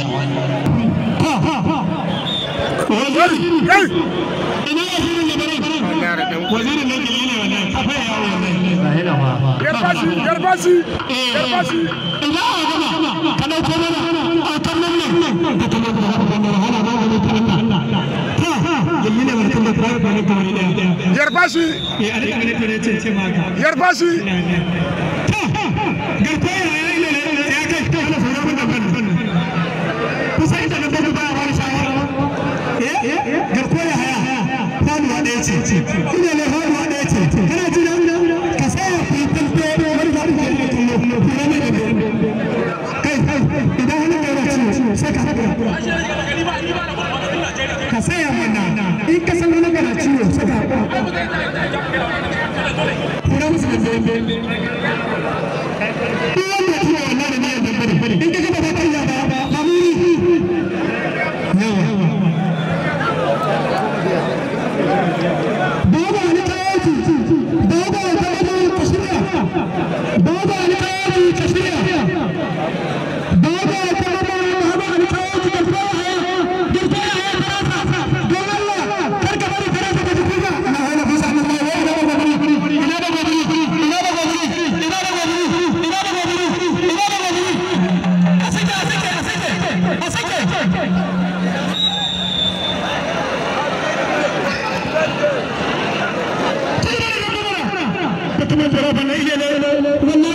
wazirin a gama garko ya haya faduwa ɗaya ce ina ne faduwa ɗaya ce kana ji da ka saya fitin to wani zaɓi da ne kuma kuma ne da kai idan wani kai na ciwo sai ka haɗa ka saya mana in ka san wani kai ciwo sai ka haɗa kuma musu da جلال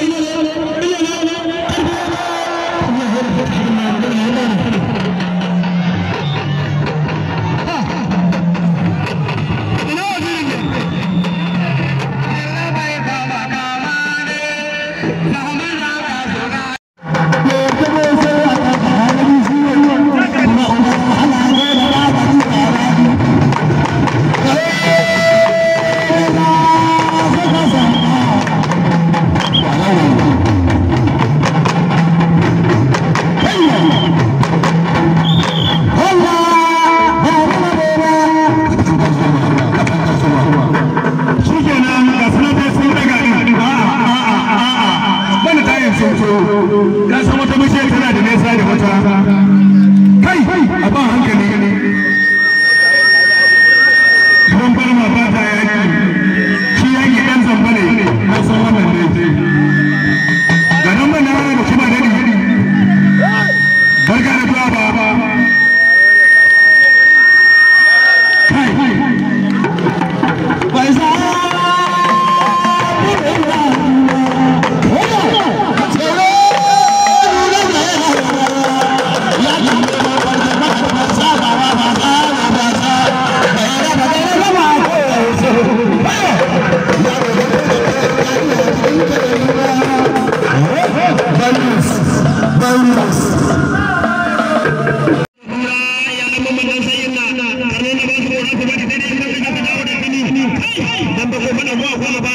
nan ba ko mana ba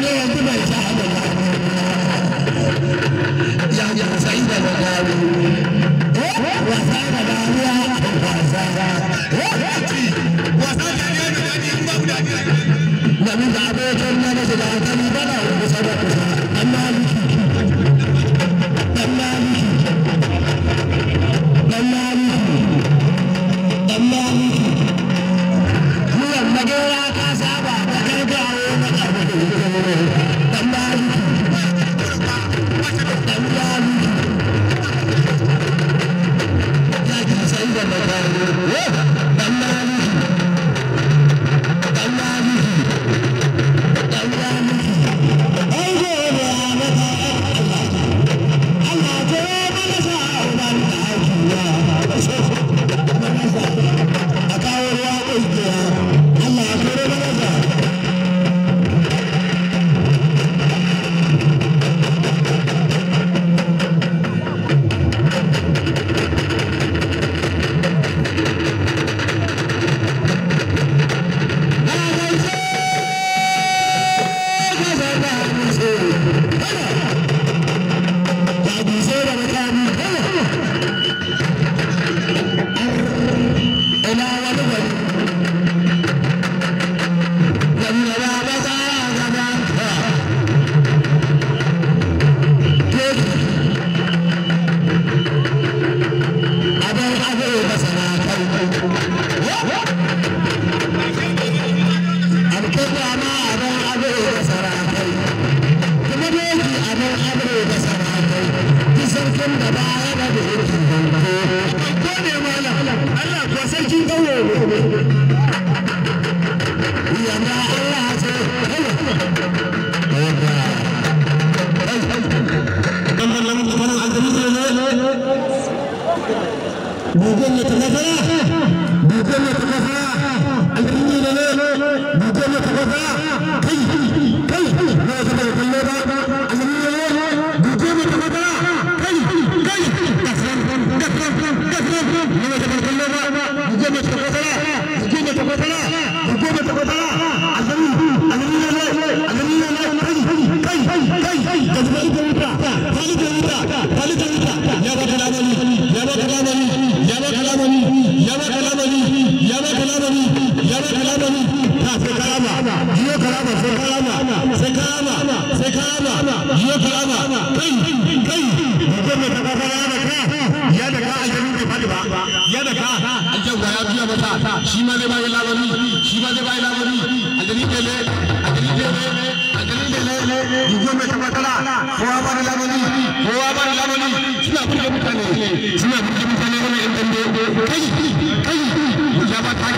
Lord. kana kalamani ta sai kalama jiyo kalama sai kalama sai kalama sai kalama jiyo kalama kai kai mutum da ta kasa ya da ka ya da ka aljanu bai faɗi ba ya da ka aljan ya biya masa shi ma zai bayi labari shi ma zai bayi labari aljani dele aljani dele aljani dele jiyo mai tabbatara kowa ba da labari kowa ba da labari suna burge mutane suna burge mutane wani kai kai ya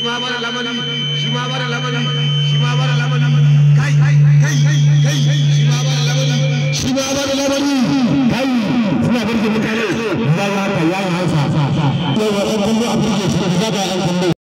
shi ma bara lamari shi ma bara lamari shi ma bara lamari kai kai kai shi ma bara lamari shi ma bara lamari kai suna barke mutane za ka yayin hausa sai wa ɗan kallo a burge su da zaga